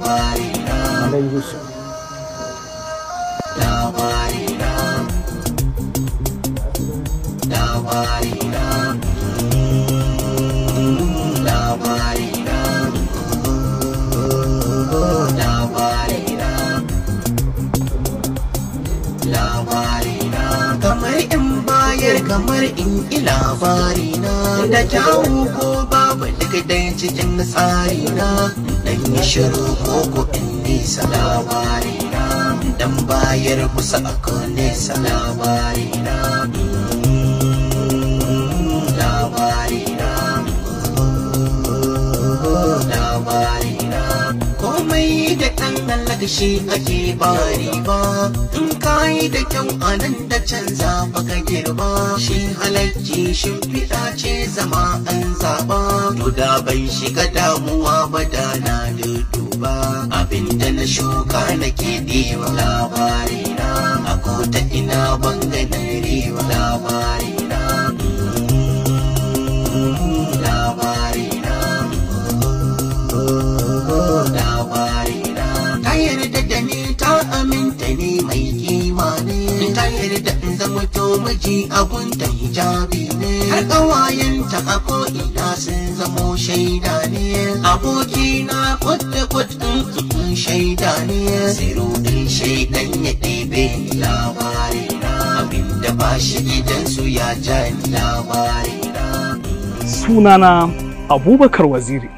Manda aí, kamar in yi labari na da kyawu ko babu daga dai cikin tsari na dan yi shiru ko ko in nisa labari na dan bayar kusa a nesa labari na da shi ake bari ba in kayi da kyau a nan da canza baka girba shi halacci shimfiɗa ce zama an zaɓa to da ban shiga damuwa ba da na duba abinda na shuka nake ɗewa labari na a kota ina ban zamato to miji abun da hijabi ne har ƙawayenta a ko'ina sun zamo shaida ne aboki na kwadda kwadin kudin shaida ne siru din shaidan ya ɗebe labari na abin da ba shi idan su ya ja labari na sunana abubakar waziri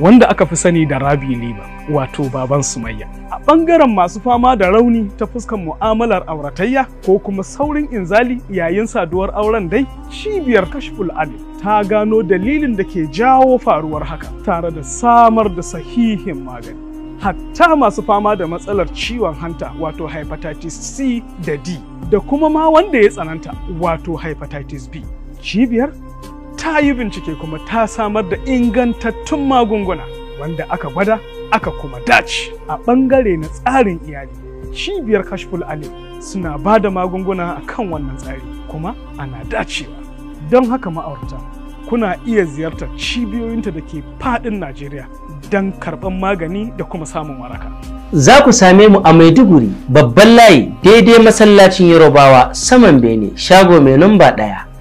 wanda aka fi sani da Rabi Liba, wato baban Sumayya. A ɓangaren masu fama da rauni ta fuskan mu'amalar auratayya ko kuma saurin inzali yayin saduwar auren dai, cibiyar kashful alif ta gano dalilin da ke jawo faruwar haka tare da samar da sahihin magani. Hatta masu fama da matsalar ciwon hanta wato hepatitis C da D da kuma ma wanda ya tsananta wato hepatitis B. Cibiyar ta yi bincike kuma ta samar da ingantattun magunguna wanda aka gwada aka kuma dace a ɓangare na tsarin iyali cibiyar kashful Ali suna ba da magunguna a kan wannan tsari kuma ana dacewa don haka ma'aurata kuna iya ziyartar cibiyoyinta da ke faɗin najeriya don karɓar magani da kuma samun waraka za ku same mu a maiduguri babban layi daidai masallacin yarobawa saman bene shago mai lamba ɗaya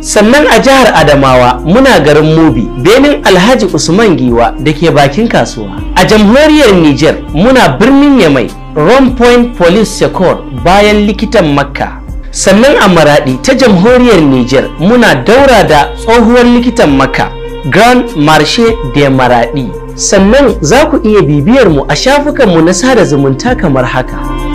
sannan a jihar adamawa muna garin mubi benin alhaji usman giwa da ke bakin kasuwa a jamhuriyar niger muna birnin yamai ron point police secor bayan likitan makka sannan a maradi ta jamhuriyar niger muna daura da tsohuwar likitan makka grand marche de maradi sannan za ku iya bibiyar mu a shafukanmu na sada zumunta kamar haka